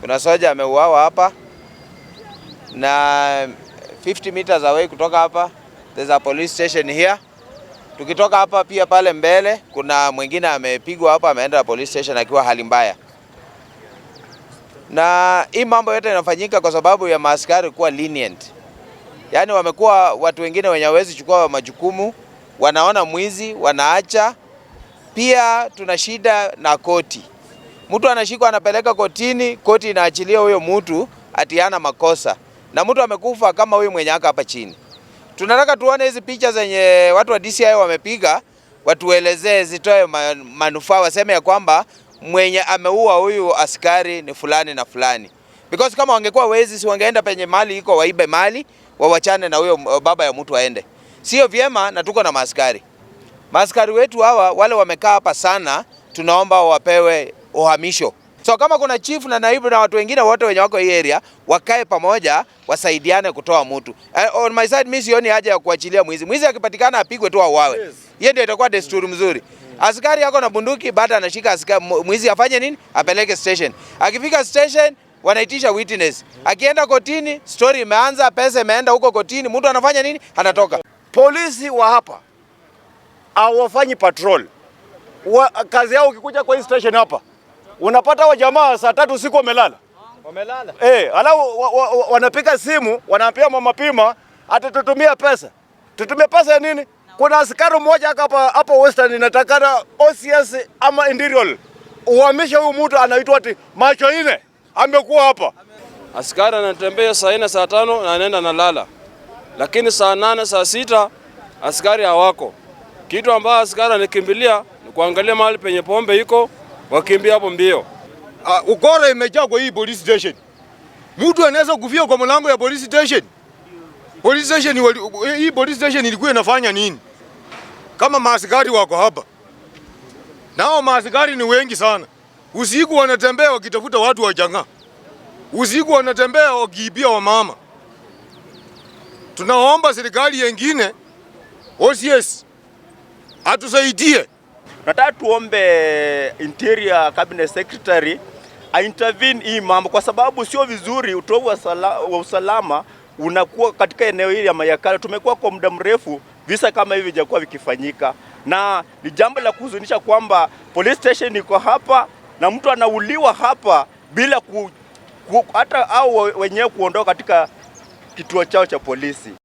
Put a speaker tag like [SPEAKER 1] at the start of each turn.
[SPEAKER 1] Kuna soja ameuawa hapa na 50 meters away kutoka hapa there's a police station here. Tukitoka hapa pia pale mbele kuna mwingine amepigwa hapa, ameenda police station akiwa hali mbaya, na hii mambo yote inafanyika kwa sababu ya maaskari kuwa lenient, yaani wamekuwa watu wengine wenye hawezi chukua majukumu wanaona mwizi wanaacha. Pia tuna shida na koti, mtu anashikwa anapeleka kotini, koti inaachilia huyo mtu ati makosa na mtu amekufa kama huyu mwenye aka hapa chini. Tunataka tuone hizi picha zenye watu wa DCI wamepiga, watuelezee zitoe manufaa, waseme ya kwamba mwenye ameua huyu askari ni fulani na fulani, because kama wangekuwa wezi si wangeenda penye mali iko waibe mali, wawachane na huyo eh, baba ya mtu aende sio vyema, na tuko na maskari. Maskari wetu hawa wale wamekaa hapa sana, tunaomba wapewe uhamisho. So kama kuna chief na naibu na watu wengine wote wenye wako hii area wakae pamoja, wasaidiane kutoa mtu. Uh, eh, on my side mimi sioni haja ya kuachilia mwizi. Mwizi akipatikana apigwe tu auawe. Yes. ndio itakuwa desturi mzuri. Askari yako na bunduki, baada anashika askari, mwizi afanye nini? Apeleke station. Akifika station wanaitisha witness. Akienda kotini, story imeanza, pesa imeenda huko kotini, mtu anafanya nini? Anatoka.
[SPEAKER 2] Polisi wa hapa hawafanyi patrol wa, kazi yao ukikuja kwa hii station hapa unapata jamaa saa tatu usiku wamelala wamelala, eh, alafu wa, wa, wa, wanapiga simu wanaambia mama Pima ati tutumie pesa. Tutumie pesa ya nini? Kuna askari mmoja hapa hapa Western inatakana OCS ama Indirol uhamishe huyu mtu anaitwa ati macho ine amekuwa hapa,
[SPEAKER 3] askari anatembea saa nne saa tano na anaenda analala lakini saa nane saa sita askari hawako. Kitu ambayo askari anikimbilia ni kuangalia mahali penye pombe iko, wakimbia hapo mbio.
[SPEAKER 2] Uh, ukora imejaa kwa hii police station. Mtu anaweza kufia kwa mlango ya police station. Police station wali, hii police station ilikuwa inafanya nini? Kama maaskari wako hapa. Nao maaskari ni wengi sana. Usiku wanatembea wakitafuta watu wa janga. Usiku wanatembea wakiibia wa mama. Tunaomba serikali yengine OCS atusaidie.
[SPEAKER 1] Nataka tuombe Interior Cabinet Secretary intervene hii mambo, kwa sababu sio vizuri. Utovu wa usalama unakuwa katika eneo hili ya Mayakala. Tumekuwa kwa muda mrefu visa kama hivi vijakuwa vikifanyika, na ni jambo la kuhuzunisha kwamba police station iko hapa na mtu anauliwa hapa bila ku, ku, hata au wenyewe kuondoka katika kituo chao cha polisi.